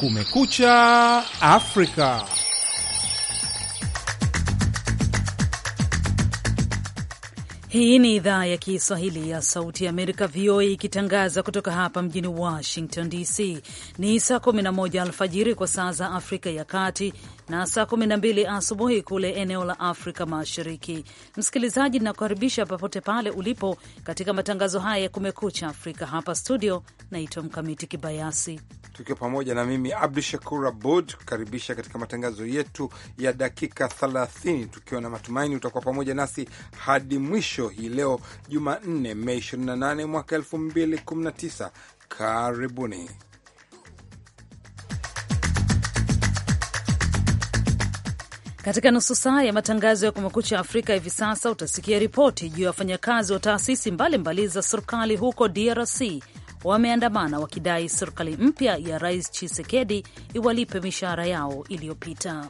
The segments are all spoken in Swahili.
Kumekucha Afrika. Hii ni idhaa ya Kiswahili ya Sauti ya Amerika, VOA, ikitangaza kutoka hapa mjini Washington DC. Ni saa 11 alfajiri kwa saa za Afrika ya Kati, na saa mbili asubuhi kule eneo la Afrika Mashariki. Msikilizaji, nakukaribisha popote pale ulipo katika matangazo haya ya Kumekucha Afrika. Hapa studio naitwa Mkamiti Kibayasi, tukiwa pamoja na mimi Abdu Shakur Abud kukaribisha katika matangazo yetu ya dakika 30, tukiwa na matumaini utakuwa pamoja nasi hadi mwisho hii leo Jumanne, Mei 28 mwaka 2019. Karibuni. Katika nusu saa ya matangazo ya Kumekucha Afrika hivi sasa utasikia ripoti juu ya wafanyakazi wa taasisi mbalimbali za serikali huko DRC wameandamana wakidai serikali mpya ya Rais Chisekedi iwalipe mishahara yao iliyopita.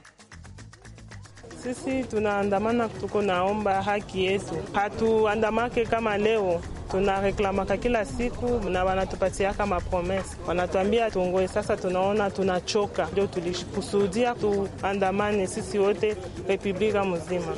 Sisi tunaandamana, tuko naomba haki yetu, hatuandamake kama leo tunareklamaka kila siku na wanatupatiaka mapromese wanatuambia tuongoe. Sasa tunaona tunachoka, ndio tulikusudia tuandamane sisi wote republika mzima.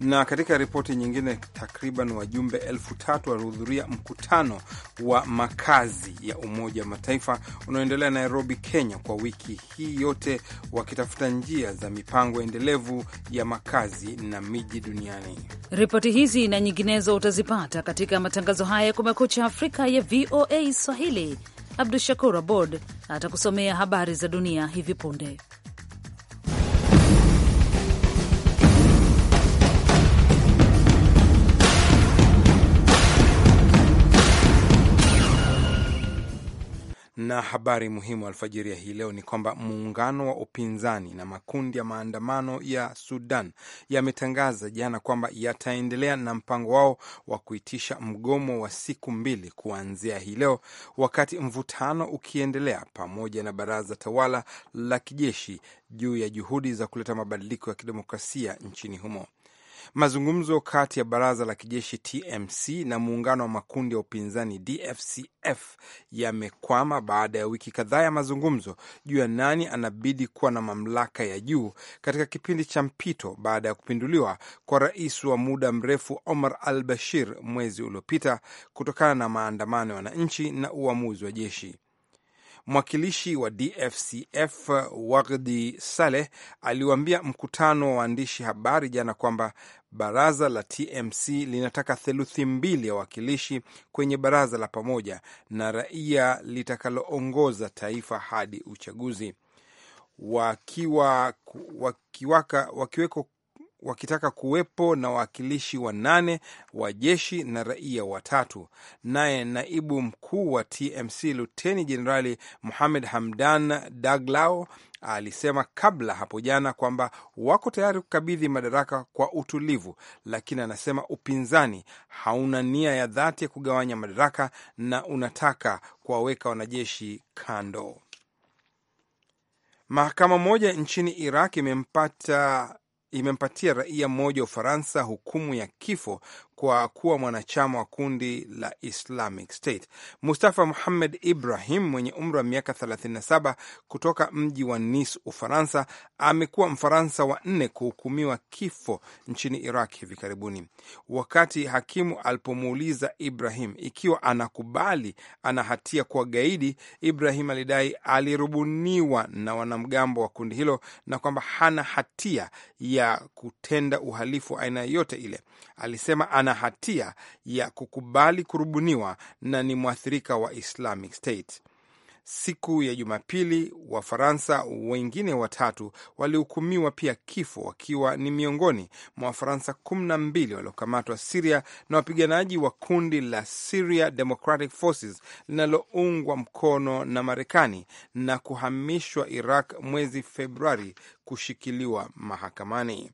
Na katika ripoti nyingine, takriban wajumbe elfu tatu walihudhuria mkutano wa makazi ya Umoja wa Mataifa unaoendelea Nairobi, Kenya, kwa wiki hii yote wakitafuta njia za mipango endelevu ya makazi na miji duniani. Ripoti hizi na nyinginezo utazipata katika matangazo haya ya Kumekucha Afrika ya VOA Swahili. Abdu Shakur Abod atakusomea habari za dunia hivi punde. Na habari muhimu alfajiri ya hii leo ni kwamba muungano wa upinzani na makundi ya maandamano ya Sudan yametangaza jana kwamba yataendelea na mpango wao wa kuitisha mgomo wa siku mbili kuanzia hii leo, wakati mvutano ukiendelea pamoja na baraza tawala la kijeshi juu ya juhudi za kuleta mabadiliko ya kidemokrasia nchini humo. Mazungumzo kati ya baraza la kijeshi TMC na muungano wa makundi ya upinzani DFCF yamekwama baada ya wiki kadhaa ya mazungumzo juu ya nani anabidi kuwa na mamlaka ya juu katika kipindi cha mpito baada ya kupinduliwa kwa rais wa muda mrefu Omar al Bashir mwezi uliopita kutokana na maandamano ya wananchi na uamuzi wa jeshi. Mwakilishi wa DFCF Wagdi Saleh aliwaambia mkutano wa waandishi habari jana kwamba baraza la TMC linataka theluthi mbili ya wakilishi kwenye baraza la pamoja na raia litakaloongoza taifa hadi uchaguzi wakiwa, wakiwaka, wakiweko wakitaka kuwepo na wawakilishi wanane wa jeshi na raia watatu. Naye naibu mkuu wa TMC luteni jenerali Muhamed Hamdan daglao alisema kabla hapo jana kwamba wako tayari kukabidhi madaraka kwa utulivu, lakini anasema upinzani hauna nia ya dhati ya kugawanya madaraka na unataka kuwaweka wanajeshi kando. Mahakama moja nchini Iraq imempata imempatia raia mmoja wa Ufaransa hukumu ya kifo kwa kuwa mwanachama wa kundi la Islamic State. Mustafa Muhammad Ibrahim mwenye umri wa miaka 37 kutoka mji wa Nice, Ufaransa, amekuwa Mfaransa wa nne kuhukumiwa kifo nchini Iraq hivi karibuni. Wakati hakimu alipomuuliza Ibrahim ikiwa anakubali ana hatia kuwa gaidi, Ibrahim alidai alirubuniwa na wanamgambo wa kundi hilo na kwamba hana hatia ya kutenda uhalifu wa aina yoyote ile. Alisema ana ana hatia ya kukubali kurubuniwa na ni mwathirika wa Islamic State. Siku ya Jumapili, Wafaransa wengine watatu walihukumiwa pia kifo wakiwa ni miongoni mwa Wafaransa kumi na mbili waliokamatwa Siria na wapiganaji wa kundi la Syria Democratic Forces linaloungwa mkono na Marekani na kuhamishwa Iraq mwezi Februari kushikiliwa mahakamani.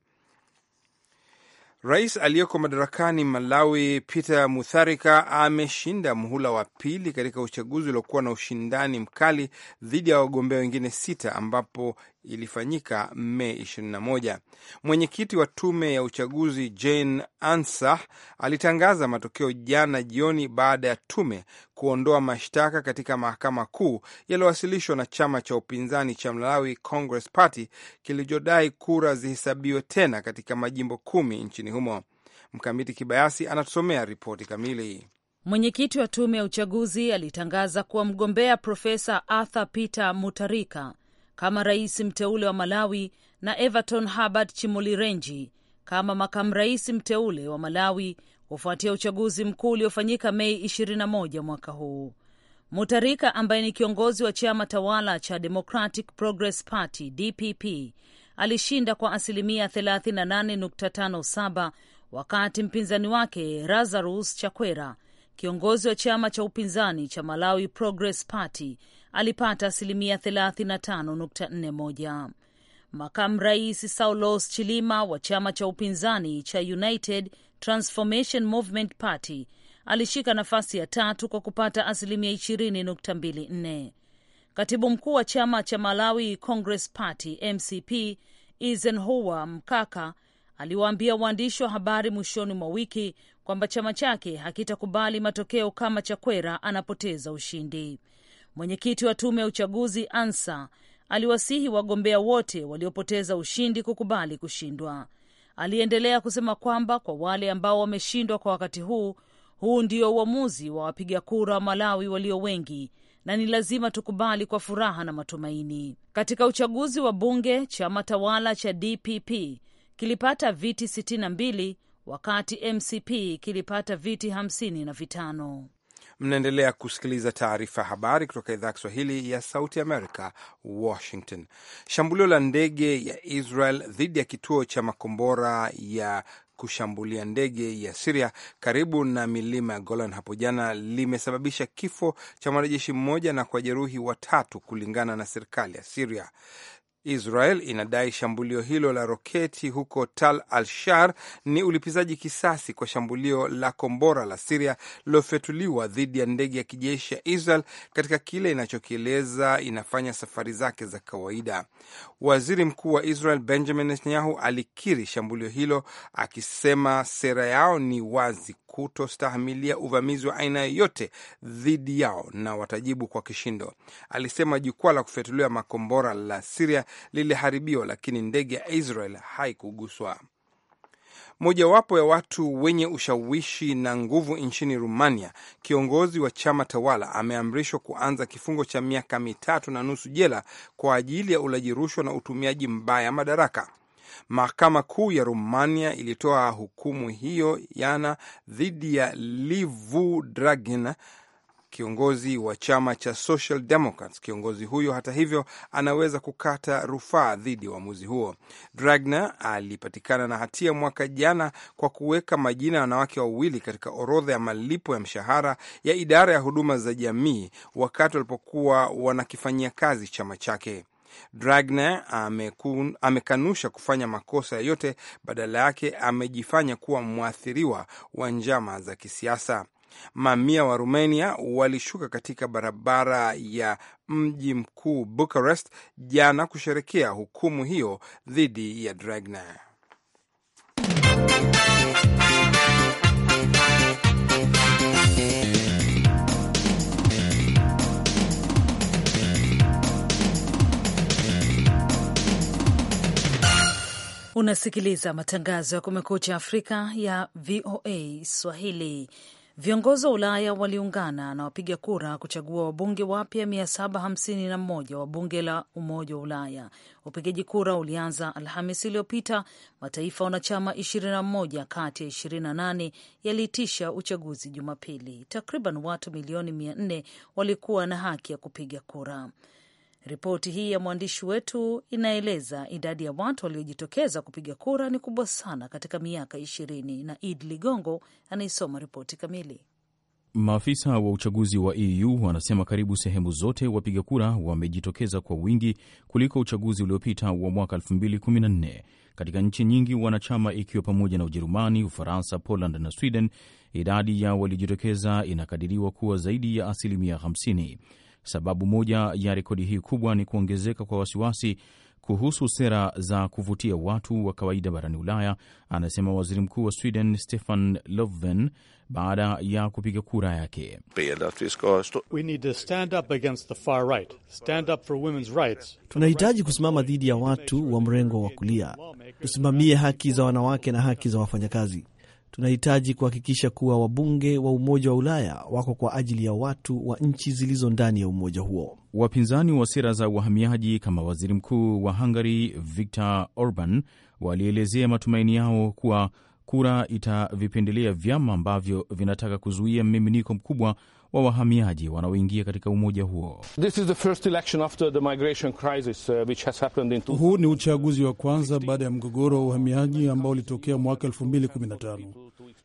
Rais aliyeko madarakani Malawi Peter Mutharika ameshinda muhula wa pili katika uchaguzi uliokuwa na ushindani mkali dhidi ya wagombea wengine sita ambapo ilifanyika Mei 21. Mwenyekiti wa tume ya uchaguzi Jane Ansah alitangaza matokeo jana jioni baada ya tume kuondoa mashtaka katika mahakama kuu yaliyowasilishwa na chama cha upinzani cha Malawi Congress Party kilichodai kura zihesabiwe tena katika majimbo kumi nchini humo. Mkamiti Kibayasi anatusomea ripoti kamili. Mwenyekiti wa tume ya uchaguzi alitangaza kuwa mgombea Profesa Arthur Peter Mutarika kama rais mteule wa Malawi na Everton Habert Chimulirenji kama makamu rais mteule wa Malawi kufuatia uchaguzi mkuu uliofanyika Mei 21 mwaka huu. Mutarika ambaye ni kiongozi wa chama tawala cha Democratic Progress Party DPP alishinda kwa asilimia 38.57 wakati mpinzani wake Lazarus Chakwera, kiongozi wa chama cha upinzani cha Malawi Progress Party, alipata asilimia 35.41. Makamu Rais Saulos Chilima wa chama cha upinzani cha United Transformation Movement Party alishika nafasi ya tatu kwa kupata asilimia 20.24. Katibu mkuu wa chama cha Malawi Congress Party MCP Eisenhower Mkaka aliwaambia waandishi wa habari mwishoni mwa wiki kwamba chama chake hakitakubali matokeo kama Chakwera anapoteza ushindi. Mwenyekiti wa tume ya uchaguzi Ansa aliwasihi wagombea wote waliopoteza ushindi kukubali kushindwa. Aliendelea kusema kwamba kwa wale ambao wameshindwa kwa wakati huu, huu ndio uamuzi wa wapiga kura wa Malawi walio wengi na ni lazima tukubali kwa furaha na matumaini. Katika uchaguzi wa bunge, chama tawala cha DPP kilipata viti 62 wakati MCP kilipata viti hamsini na vitano. Mnaendelea kusikiliza taarifa ya habari kutoka idhaa ya Kiswahili ya Sauti Amerika, Washington. Shambulio la ndege ya Israel dhidi ya kituo cha makombora ya kushambulia ndege ya Siria karibu na milima ya Golan hapo jana limesababisha kifo cha mwanajeshi mmoja na kwa jeruhi watatu kulingana na serikali ya Siria. Israel inadai shambulio hilo la roketi huko Tal al-Shar ni ulipizaji kisasi kwa shambulio la kombora la Siria lilofyatuliwa dhidi ya ndege ya kijeshi ya Israel katika kile inachokieleza inafanya safari zake za kawaida. Waziri Mkuu wa Israel Benjamin Netanyahu alikiri shambulio hilo akisema sera yao ni wazi kutostahamilia uvamizi wa aina yoyote dhidi yao na watajibu kwa kishindo. Alisema jukwaa la kufyatuliwa makombora la Siria liliharibiwa, lakini ndege ya Israel haikuguswa. Mojawapo ya watu wenye ushawishi na nguvu nchini Rumania, kiongozi wa chama tawala ameamrishwa kuanza kifungo cha miaka mitatu na nusu jela kwa ajili ya ulaji rushwa na utumiaji mbaya madaraka. Mahakama Kuu ya Rumania ilitoa hukumu hiyo jana dhidi ya Livu Dragin, kiongozi wa chama cha Social Democrats. Kiongozi huyo hata hivyo anaweza kukata rufaa dhidi ya uamuzi huo. Dragna alipatikana na hatia mwaka jana kwa kuweka majina ya wanawake wawili katika orodha ya malipo ya mshahara ya idara ya huduma za jamii wakati walipokuwa wanakifanyia kazi chama chake dragne amekanusha kufanya makosa yoyote, badala yake amejifanya kuwa mwathiriwa wa njama za kisiasa. Mamia wa Rumenia walishuka katika barabara ya mji mkuu Bucharest jana kusherekea hukumu hiyo dhidi ya Dragne. Unasikiliza matangazo ya Kumekucha Afrika ya VOA Swahili. Viongozi wa Ulaya waliungana na wapiga kura kuchagua wabunge wapya 751 wa bunge la Umoja wa Ulaya. Upigaji kura ulianza Alhamis iliyopita. Mataifa wanachama 21 kati ya 28 yaliitisha uchaguzi Jumapili. Takriban watu milioni 400 walikuwa na haki ya kupiga kura. Ripoti hii ya mwandishi wetu inaeleza idadi ya watu waliojitokeza kupiga kura ni kubwa sana katika miaka ishirini, na Id Ligongo anaisoma ripoti kamili. Maafisa wa uchaguzi wa EU wanasema karibu sehemu zote wapiga kura wamejitokeza kwa wingi kuliko uchaguzi uliopita wa mwaka 2014. Katika nchi nyingi wanachama ikiwa pamoja na Ujerumani, Ufaransa, Poland na Sweden, idadi ya waliojitokeza inakadiriwa kuwa zaidi ya asilimia 50. Sababu moja ya rekodi hii kubwa ni kuongezeka kwa wasiwasi kuhusu sera za kuvutia watu wa kawaida barani Ulaya, anasema waziri mkuu wa Sweden Stefan loven baada ya kupiga kura yake. Tunahitaji kusimama dhidi ya watu wa mrengo wa kulia, tusimamie haki za wanawake na haki za wafanyakazi tunahitaji kuhakikisha kuwa wabunge wa Umoja wa Ulaya wako kwa ajili ya watu wa nchi zilizo ndani ya umoja huo. Wapinzani wa sera za uahamiaji kama waziri mkuu wa Hungary Viktor Orban walielezea matumaini yao kuwa kura itavipendelea vyama ambavyo vinataka kuzuia mmiminiko mkubwa wa wahamiaji wanaoingia katika umoja huo. Uh, Huu ni uchaguzi wa kwanza baada ya mgogoro wa uhamiaji ambao ulitokea mwaka 2015.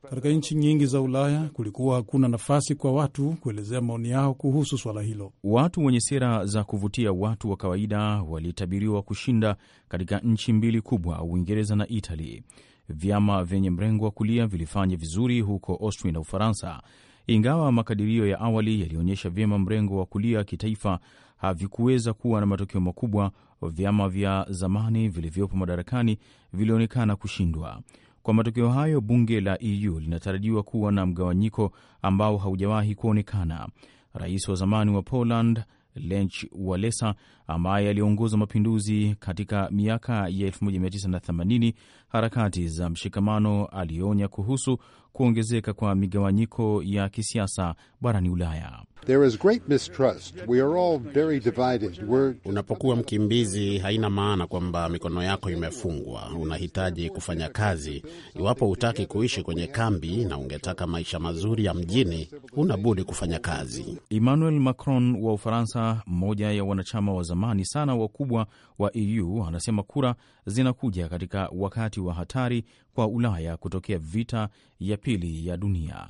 Katika nchi nyingi za Ulaya kulikuwa hakuna nafasi kwa watu kuelezea maoni yao kuhusu swala hilo. Watu wenye sera za kuvutia watu wa kawaida walitabiriwa kushinda katika nchi mbili kubwa, Uingereza na Itali. Vyama vyenye mrengo wa kulia vilifanya vizuri huko Austria na Ufaransa, ingawa makadirio ya awali yalionyesha vyema mrengo wa kulia kitaifa havikuweza kuwa na matokeo makubwa, vyama vya zamani vilivyopo madarakani vilionekana kushindwa. Kwa matokeo hayo, bunge la EU linatarajiwa kuwa na mgawanyiko ambao haujawahi kuonekana. Rais wa zamani wa Poland Lech Walesa ambaye aliongoza mapinduzi katika miaka ya 1980. Harakati za mshikamano alionya kuhusu kuongezeka kwa migawanyiko ya kisiasa barani Ulaya. There is great mistrust. We are all very divided. We're... Unapokuwa mkimbizi haina maana kwamba mikono yako imefungwa. Unahitaji kufanya kazi. Iwapo hutaki kuishi kwenye kambi na ungetaka maisha mazuri ya mjini, unabudi kufanya kazi. Emmanuel Macron wa Ufaransa, mmoja ya wanachama wa zamani sana wakubwa wa EU anasema kura zinakuja katika wakati wa hatari kwa Ulaya kutokea vita ya pili ya dunia.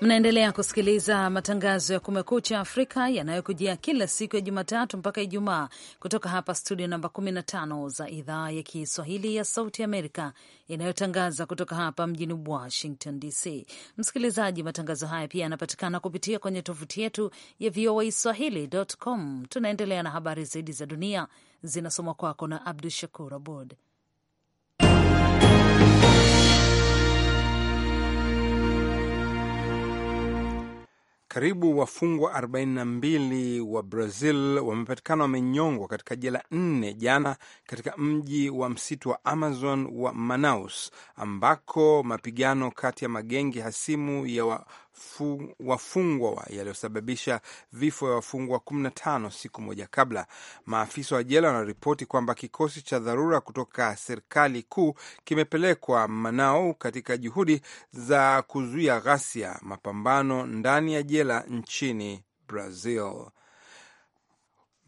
Mnaendelea kusikiliza matangazo ya Kumekucha Afrika yanayokujia kila siku ya Jumatatu mpaka Ijumaa kutoka hapa studio namba 15 za idhaa ya Kiswahili ya Sauti Amerika inayotangaza kutoka hapa mjini Washington DC. Msikilizaji, matangazo haya pia yanapatikana kupitia kwenye tovuti yetu ya VOA Swahili.com. Tunaendelea na habari zaidi za dunia zinasomwa kwako na Abdu Shakur Abod. Karibu wafungwa 42 wa Brazil wamepatikana wamenyongwa katika jela nne jana katika mji wa msitu wa Amazon wa Manaus ambako mapigano kati ya magenge hasimu ya wa wafungwa yaliyosababisha vifo vya wafungwa 15 siku moja kabla. Maafisa wa jela wanaripoti kwamba kikosi cha dharura kutoka serikali kuu kimepelekwa Manao katika juhudi za kuzuia ghasia, mapambano ndani ya jela nchini Brazil.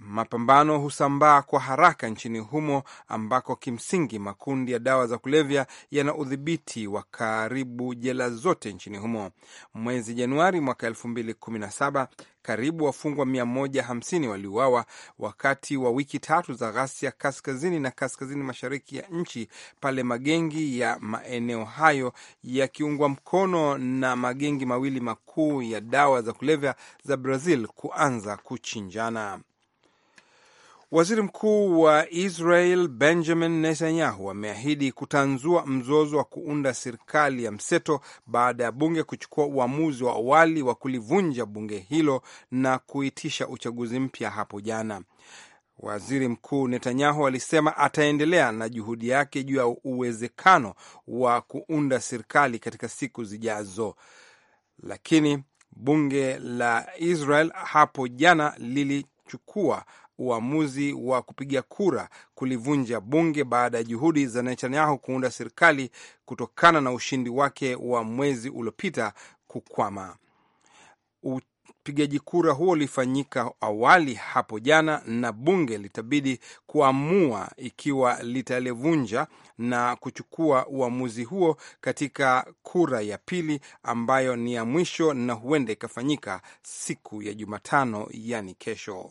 Mapambano husambaa kwa haraka nchini humo ambako kimsingi makundi ya dawa za kulevya yana udhibiti wa karibu jela zote nchini humo. Mwezi Januari mwaka 2017 karibu wafungwa 150 waliuawa wakati wa wiki tatu za ghasia kaskazini na kaskazini mashariki ya nchi, pale magengi ya maeneo hayo yakiungwa mkono na magengi mawili makuu ya dawa za kulevya za Brazil kuanza kuchinjana. Waziri mkuu wa Israel Benjamin Netanyahu ameahidi kutanzua mzozo wa kuunda serikali ya mseto baada ya bunge kuchukua uamuzi wa awali wa kulivunja bunge hilo na kuitisha uchaguzi mpya hapo jana. Waziri Mkuu Netanyahu alisema ataendelea na juhudi yake juu ya uwezekano wa kuunda serikali katika siku zijazo, lakini bunge la Israel hapo jana lilichukua uamuzi wa kupiga kura kulivunja bunge baada ya juhudi za Netanyahu kuunda serikali kutokana na ushindi wake wa mwezi uliopita kukwama. Upigaji kura huo ulifanyika awali hapo jana, na bunge litabidi kuamua ikiwa litalivunja na kuchukua uamuzi huo katika kura ya pili ambayo ni ya mwisho, na huenda ikafanyika siku ya Jumatano, yani kesho.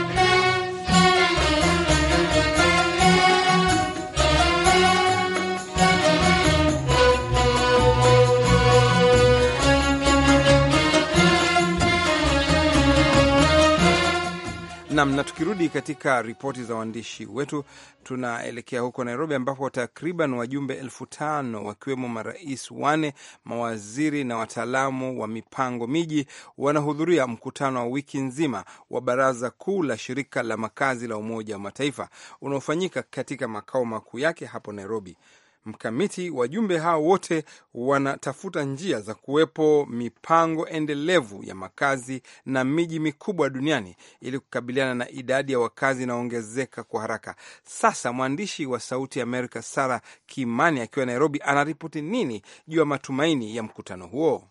Nam, na tukirudi katika ripoti za waandishi wetu, tunaelekea huko Nairobi ambapo takriban wajumbe elfu tano wakiwemo marais wane, mawaziri na wataalamu wa mipango miji wanahudhuria mkutano wa wiki nzima wa Baraza Kuu la Shirika la Makazi la Umoja wa Mataifa unaofanyika katika makao makuu yake hapo Nairobi. Mkamiti, wajumbe hao wote wanatafuta njia za kuwepo mipango endelevu ya makazi na miji mikubwa duniani ili kukabiliana na idadi ya wakazi inaongezeka kwa haraka. Sasa mwandishi wa Sauti ya Amerika Sara Kimani akiwa Nairobi anaripoti nini juu ya matumaini ya mkutano huo?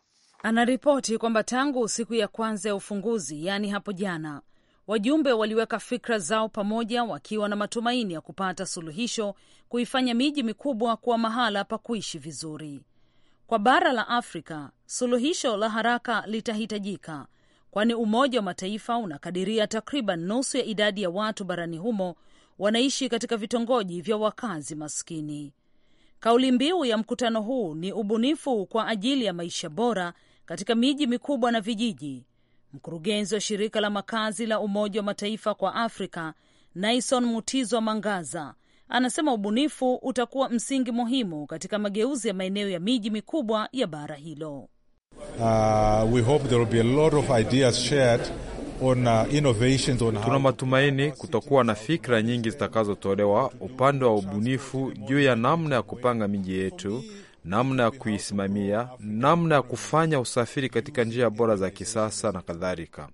Anaripoti kwamba tangu siku ya kwanza ya ufunguzi, yaani hapo jana, Wajumbe waliweka fikra zao pamoja wakiwa na matumaini ya kupata suluhisho kuifanya miji mikubwa kuwa mahala pa kuishi vizuri. Kwa bara la Afrika, suluhisho la haraka litahitajika, kwani Umoja wa Mataifa unakadiria takriban nusu ya idadi ya watu barani humo wanaishi katika vitongoji vya wakazi maskini. Kauli mbiu ya mkutano huu ni ubunifu kwa ajili ya maisha bora katika miji mikubwa na vijiji, Mkurugenzi wa shirika la makazi la Umoja wa Mataifa kwa Afrika, Naison Mutizwa Mangaza, anasema ubunifu utakuwa msingi muhimu katika mageuzi ya maeneo ya miji mikubwa ya bara hilo. Uh, uh, Tuna matumaini kutakuwa na fikra nyingi zitakazotolewa upande wa ubunifu juu ya namna ya kupanga miji yetu namna ya kuisimamia, namna ya kufanya usafiri katika njia bora za kisasa na kadhalika.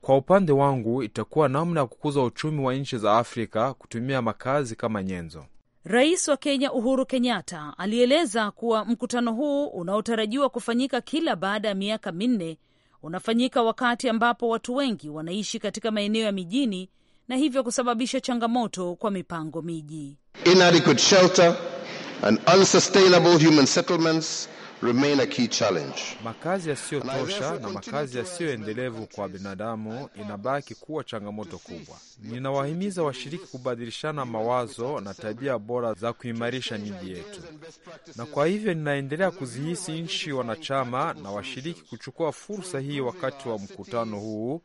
Kwa upande wangu, itakuwa namna ya kukuza uchumi wa nchi za Afrika kutumia makazi kama nyenzo. Rais wa Kenya Uhuru Kenyatta alieleza kuwa mkutano huu unaotarajiwa kufanyika kila baada ya miaka minne unafanyika wakati ambapo watu wengi wanaishi katika maeneo ya mijini na hivyo kusababisha changamoto kwa mipango miji. Inadequate shelter and unsustainable human settlements, remain a key challenge. Makazi yasiyotosha na makazi yasiyoendelevu kwa binadamu inabaki kuwa changamoto kubwa. Ninawahimiza washiriki kubadilishana mawazo na tabia bora za kuimarisha miji yetu, na kwa hivyo ninaendelea kuzihisi nchi wanachama na washiriki kuchukua fursa hii wakati wa mkutano huu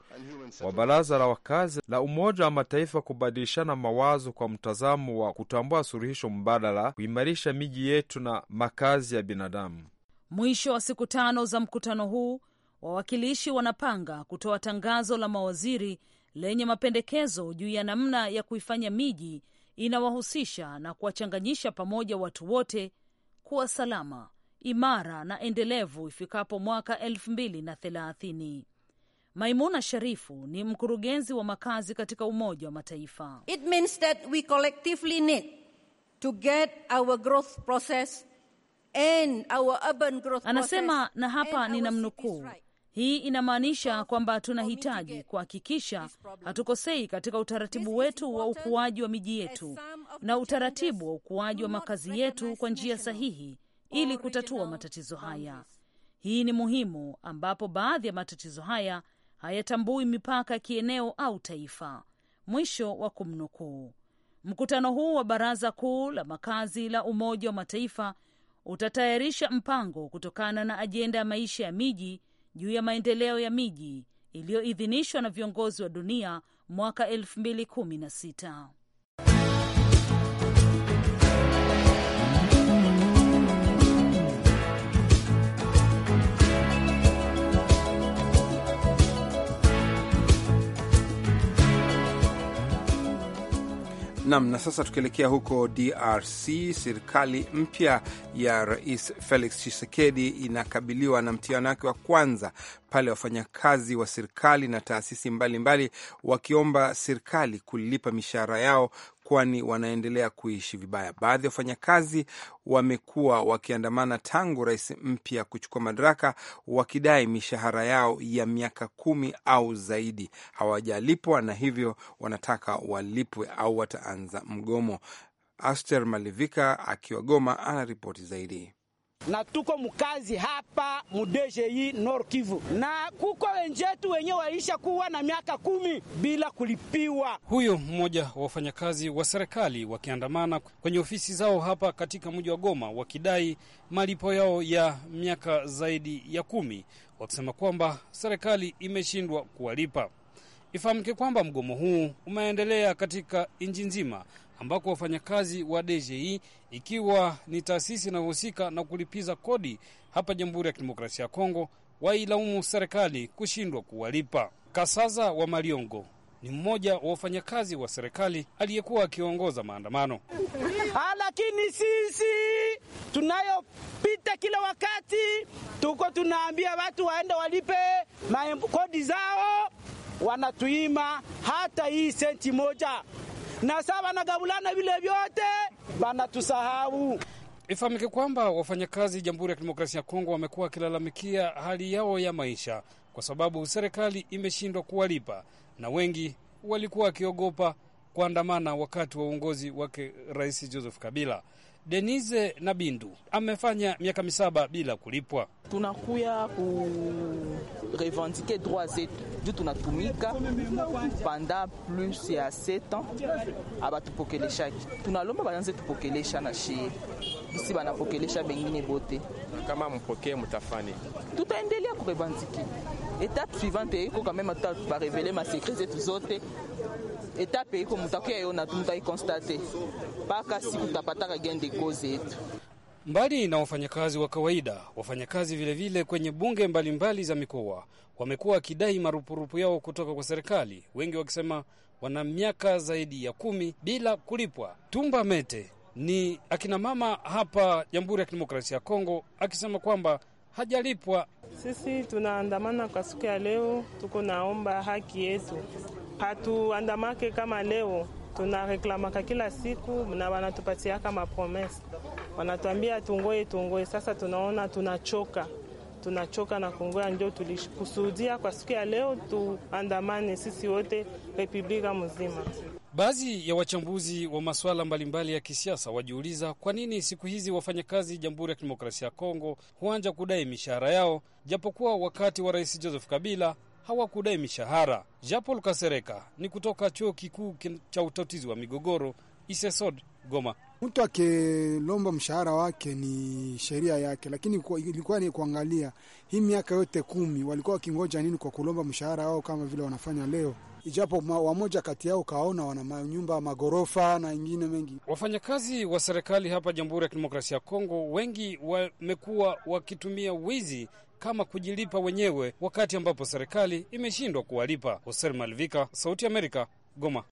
wa Baraza la Wakazi la Umoja wa Mataifa kubadilishana mawazo kwa mtazamo wa kutambua suluhisho mbadala, kuimarisha miji yetu na makazi ya binadamu. Mwisho wa siku tano za mkutano huu, wawakilishi wanapanga kutoa tangazo la mawaziri lenye mapendekezo juu ya namna ya kuifanya miji inawahusisha na kuwachanganyisha pamoja watu wote kuwa salama, imara na endelevu ifikapo mwaka elfu mbili na thelathini. Maimuna Sharifu ni mkurugenzi wa makazi katika Umoja wa Mataifa. It means that we collectively need to get our growth process Anasema na hapa ninamnukuu, hii inamaanisha kwamba tunahitaji kuhakikisha hatukosei katika utaratibu wetu wa ukuaji wa miji yetu na utaratibu wa ukuaji wa makazi yetu kwa njia sahihi ili kutatua matatizo haya. Hii ni muhimu, ambapo baadhi ya matatizo haya hayatambui mipaka ya kieneo au taifa. Mwisho wa kumnukuu. Mkutano huu wa Baraza Kuu la Makazi la Umoja wa Mataifa utatayarisha mpango kutokana na ajenda ya maisha ya miji juu ya maendeleo ya miji iliyoidhinishwa na viongozi wa dunia mwaka 2016. Nam. Na sasa tukielekea huko DRC, serikali mpya ya Rais Felix Tshisekedi inakabiliwa na mtihani wake wa kwanza pale wafanyakazi wa serikali na taasisi mbalimbali wakiomba serikali kulipa mishahara yao kwani wanaendelea kuishi vibaya. Baadhi ya wafanyakazi wamekuwa wakiandamana tangu rais mpya kuchukua madaraka, wakidai mishahara yao ya miaka kumi au zaidi hawajalipwa, na hivyo wanataka walipwe au wataanza mgomo. Aster Malivika akiwa Goma anaripoti zaidi na tuko mkazi hapa mudji Nord Kivu, na kuko wenjetu wenye waisha kuwa na miaka kumi bila kulipiwa. Huyo mmoja wa wafanyakazi wa serikali wakiandamana kwenye ofisi zao hapa katika mji wa Goma wakidai malipo yao ya miaka zaidi ya kumi, wakisema kwamba serikali imeshindwa kuwalipa. Ifahamike kwamba mgomo huu umeendelea katika nchi nzima ambako wafanyakazi wa DGI e, ikiwa ni taasisi inayohusika na kulipiza kodi hapa Jamhuri ya Kidemokrasia ya Kongo wailaumu serikali kushindwa kuwalipa. Kasaza wa Maliongo ni mmoja wa wafanyakazi wa serikali aliyekuwa akiongoza maandamano. Ah, lakini sisi tunayopita kila wakati, tuko tunaambia watu waende walipe kodi zao, wanatuima hata hii senti moja na saa wanagabulana vile vyote wanatusahau. Ifahamike kwamba wafanyakazi Jamhuri ya Kidemokrasia ya Kongo wamekuwa wakilalamikia hali yao ya maisha kwa sababu serikali imeshindwa kuwalipa, na wengi walikuwa wakiogopa kuandamana wakati wa uongozi wake Rais Joseph Kabila. Denise Nabindu amefanya miaka misaba bila kulipwa. Tunakuya kurevendike droit zetu juu tunatumika panda plus ya 7 ans, abatupokeleshaki. Tunalomba bayanze tupokelesha na shie isi banapokelesha bengine bote, kama mpokee mutafani, tutaendelea kurevendike. Etape suivante iko kameme, tuta barevele masekre zetu zote etape iko mutakuyaona tu mutaikonstate mpaka siku tutapataka gende kozi yetu. Mbali na wafanyakazi wa kawaida, wafanyakazi vilevile vile kwenye bunge mbalimbali mbali za mikoa wamekuwa wakidai marupurupu yao kutoka kwa serikali, wengi wakisema wana miaka zaidi ya kumi bila kulipwa. Tumba Mete ni akina mama hapa Jamhuri ya Kidemokrasia ya Kongo, akisema kwamba hajalipwa. Sisi tunaandamana kwa siku ya leo, tuko naomba haki yetu hatuandamake kama leo tunareklamaka kila siku na wanatupatiaka mapromesa, wanatuambia tungoe tungoe. Sasa tunaona tunachoka, tunachoka na kungoa, ndio tulikusudia kwa siku ya leo tuandamane sisi wote republika mzima. Baadhi ya wachambuzi wa masuala mbalimbali ya kisiasa wajiuliza kwa nini siku hizi wafanyakazi Jamhuri ya Kidemokrasia ya Kongo huanja kudai mishahara yao, japokuwa wakati wa Rais Joseph Kabila hawakudai mishahara. Paul Kasereka ni kutoka chuo kikuu cha utatuzi wa migogoro Isesod, Goma. Mtu akilomba mshahara wake ni sheria yake, lakini ilikuwa ni kuangalia hii miaka yote kumi walikuwa wakingoja nini kwa kulomba mshahara wao kama vile wanafanya leo ijapo wamoja kati yao kaona wana manyumba magorofa na ingine mengi. Wafanyakazi wa serikali hapa Jamhuri ya Kidemokrasia ya Kongo wengi wamekuwa wakitumia wizi kama kujilipa wenyewe, wakati ambapo serikali imeshindwa kuwalipa. Hoser Malvika, Sauti ya Amerika, Goma.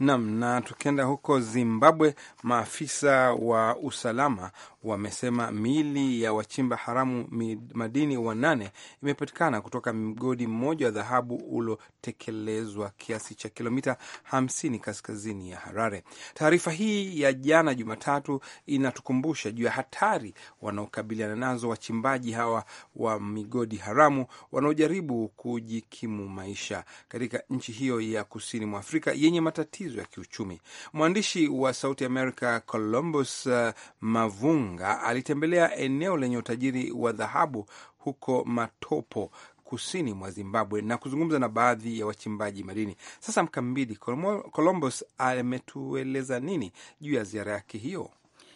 Nam, na tukienda huko Zimbabwe, maafisa wa usalama wamesema miili ya wachimba haramu madini wanane imepatikana kutoka mgodi mmoja wa dhahabu uliotekelezwa kiasi cha kilomita 50 kaskazini ya Harare. Taarifa hii ya jana Jumatatu inatukumbusha juu ya hatari wanaokabiliana nazo wachimbaji hawa wa migodi haramu wanaojaribu kujikimu maisha katika nchi hiyo ya kusini mwa Afrika yenye matatizo ya kiuchumi. Mwandishi wa Sauti America Columbus uh, Mavung Mwanga alitembelea eneo lenye utajiri wa dhahabu huko Matopo kusini mwa Zimbabwe na kuzungumza na baadhi ya wachimbaji madini. Sasa Mkambidi Columbus ametueleza nini juu ya ziara yake hiyo?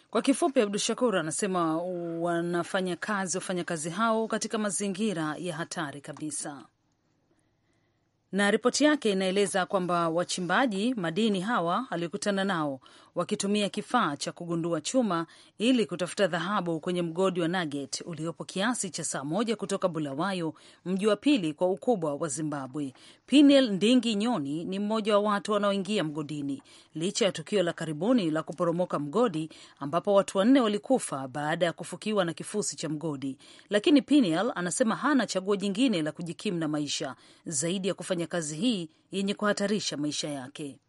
Kwa kifupi, Abdu Shakur anasema wanafanya kazi wafanyakazi hao katika mazingira ya hatari kabisa, na ripoti yake inaeleza kwamba wachimbaji madini hawa aliyokutana nao wakitumia kifaa cha kugundua chuma ili kutafuta dhahabu kwenye mgodi wa Nugget uliopo kiasi cha saa moja kutoka Bulawayo, mji wa pili kwa ukubwa wa Zimbabwe. pnel Ndingi Nyoni ni mmoja wa watu wanaoingia mgodini, licha ya tukio la karibuni la kuporomoka mgodi ambapo watu wanne walikufa baada ya kufukiwa na kifusi cha mgodi, lakini pnel anasema hana chaguo jingine la kujikimu na maisha zaidi ya kufanya kazi hii yenye kuhatarisha maisha yake.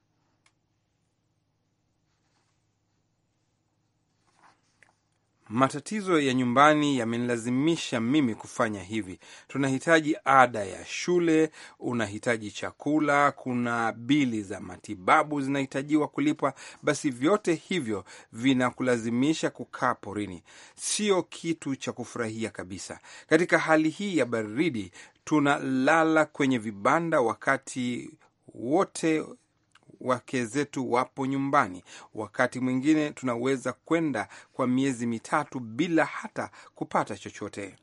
Matatizo ya nyumbani yamenilazimisha mimi kufanya hivi. Tunahitaji ada ya shule, unahitaji chakula, kuna bili za matibabu zinahitajiwa kulipwa. Basi vyote hivyo vinakulazimisha kukaa porini, sio kitu cha kufurahia kabisa. Katika hali hii ya baridi, tunalala kwenye vibanda wakati wote wake zetu wapo nyumbani. Wakati mwingine tunaweza kwenda kwa miezi mitatu bila hata kupata chochote.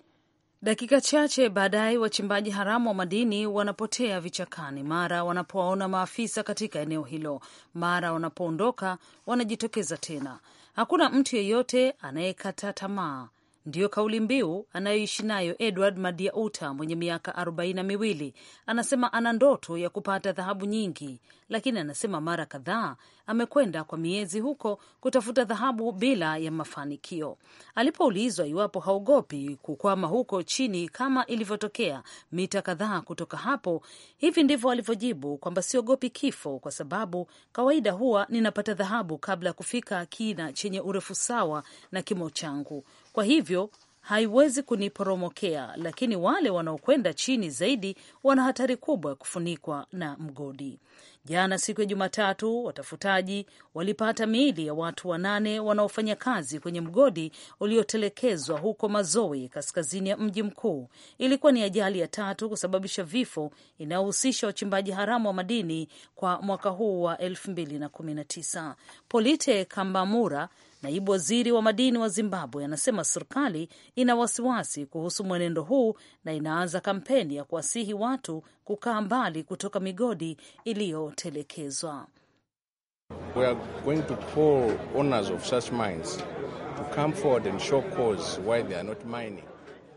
Dakika chache baadaye wachimbaji haramu wa madini wanapotea vichakani mara wanapowaona maafisa katika eneo hilo. Mara wanapoondoka wanajitokeza tena. Hakuna mtu yeyote anayekata tamaa. Ndiyo kauli mbiu anayoishi nayo Edward Madiauta mwenye miaka arobaini na miwili. Anasema ana ndoto ya kupata dhahabu nyingi, lakini anasema mara kadhaa amekwenda kwa miezi huko kutafuta dhahabu bila ya mafanikio. Alipoulizwa iwapo haogopi kukwama huko chini kama ilivyotokea mita kadhaa kutoka hapo, hivi ndivyo alivyojibu kwamba siogopi kifo kwa sababu kawaida huwa ninapata dhahabu kabla ya kufika kina chenye urefu sawa na kimo changu. Kwa hivyo haiwezi kuniporomokea, lakini wale wanaokwenda chini zaidi wana hatari kubwa ya kufunikwa na mgodi. Jana siku ya Jumatatu, watafutaji walipata miili ya watu wanane wanaofanya kazi kwenye mgodi uliotelekezwa huko Mazoe, kaskazini ya mji mkuu. Ilikuwa ni ajali ya tatu kusababisha vifo inayohusisha wachimbaji haramu wa madini kwa mwaka huu wa 2019. Polite Kambamura Naibu waziri wa madini wa Zimbabwe anasema serikali ina wasiwasi kuhusu mwenendo huu na inaanza kampeni ya kuwasihi watu kukaa mbali kutoka migodi iliyotelekezwa.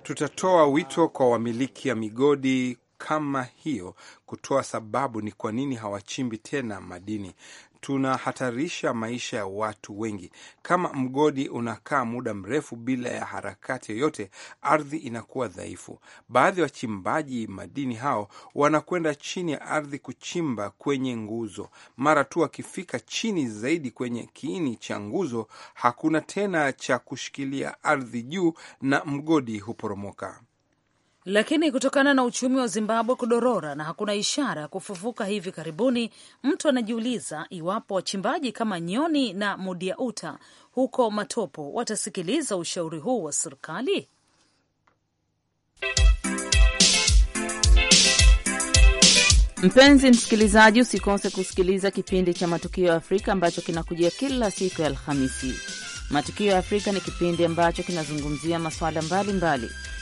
Tutatoa wito kwa wamiliki ya migodi kama hiyo kutoa sababu ni kwa nini hawachimbi tena madini tunahatarisha maisha ya watu wengi. Kama mgodi unakaa muda mrefu bila ya harakati yoyote, ardhi inakuwa dhaifu. Baadhi ya wa wachimbaji madini hao wanakwenda chini ya ardhi kuchimba kwenye nguzo. Mara tu wakifika chini zaidi kwenye kiini cha nguzo, hakuna tena cha kushikilia ardhi juu, na mgodi huporomoka. Lakini kutokana na uchumi wa Zimbabwe kudorora na hakuna ishara ya kufufuka hivi karibuni, mtu anajiuliza iwapo wachimbaji kama Nyoni na Mudiauta huko Matopo watasikiliza ushauri huu wa serikali. Mpenzi msikilizaji, usikose kusikiliza kipindi cha Matukio ya Afrika ambacho kinakujia kila siku ya Alhamisi. Matukio ya Afrika ni kipindi ambacho kinazungumzia masuala mbalimbali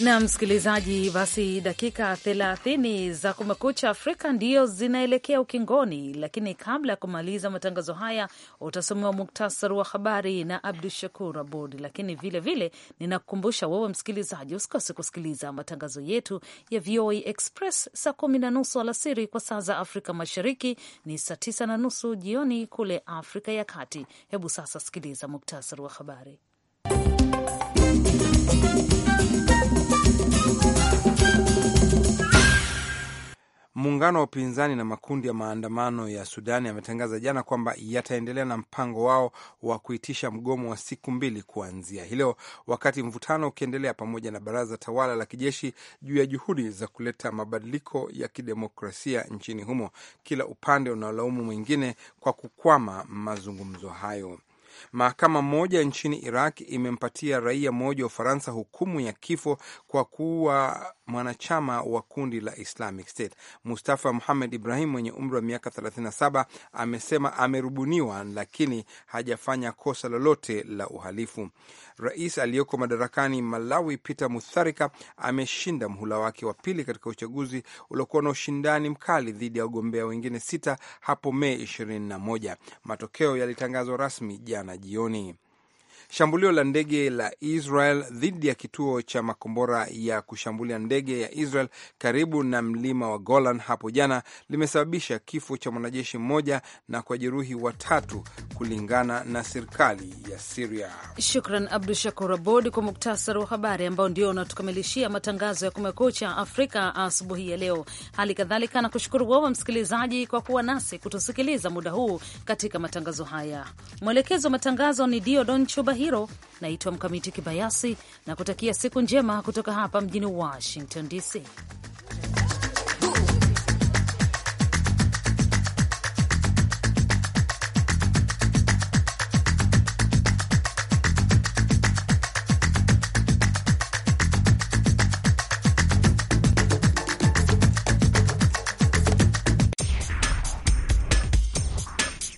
na msikilizaji, basi dakika 30 za Kumekucha Afrika ndio zinaelekea ukingoni, lakini kabla ya kumaliza matangazo haya utasomewa muktasari wa habari na Abdu Shakur Abud. Lakini vilevile ninakukumbusha wewe msikilizaji, usikose kusikiliza matangazo yetu ya VOA Express saa kumi na nusu alasiri kwa saa za Afrika Mashariki, ni saa tisa na nusu jioni kule Afrika ya Kati. Hebu sasa sikiliza muktasari wa habari. Muungano wa upinzani na makundi ya maandamano ya Sudani yametangaza jana kwamba yataendelea na mpango wao wa kuitisha mgomo wa siku mbili kuanzia hilo leo, wakati mvutano ukiendelea pamoja na baraza tawala la kijeshi juu ya juhudi za kuleta mabadiliko ya kidemokrasia nchini humo, kila upande unaolaumu mwingine kwa kukwama mazungumzo hayo. Mahakama moja nchini Iraq imempatia raia mmoja wa Ufaransa hukumu ya kifo kwa kuwa mwanachama wa kundi la Islamic State. Mustafa Muhamed Ibrahim mwenye umri wa miaka 37 amesema amerubuniwa, lakini hajafanya kosa lolote la uhalifu. Rais aliyoko madarakani Malawi Peter Mutharika ameshinda mhula wake wa pili katika uchaguzi uliokuwa na ushindani mkali dhidi ya wagombea wengine sita hapo Mei 21. Matokeo yalitangazwa rasmi jana jioni. Shambulio la ndege la Israel dhidi ya kituo cha makombora ya kushambulia ndege ya Israel karibu na mlima wa Golan hapo jana limesababisha kifo cha mwanajeshi mmoja na kwa jeruhi watatu kulingana na serikali ya Siria. Shukran Abdu Shakur Abod kwa muktasari wa habari ambao ndio unatukamilishia matangazo ya Kumekucha Afrika asubuhi ya leo. Hali kadhalika na kushukuru wewe msikilizaji kwa kuwa nasi kutusikiliza muda huu katika matangazo haya. Mwelekezi wa matangazo ni Diodon Chuba hilo. Naitwa Mkamiti Kibayasi na kutakia siku njema kutoka hapa mjini Washington DC.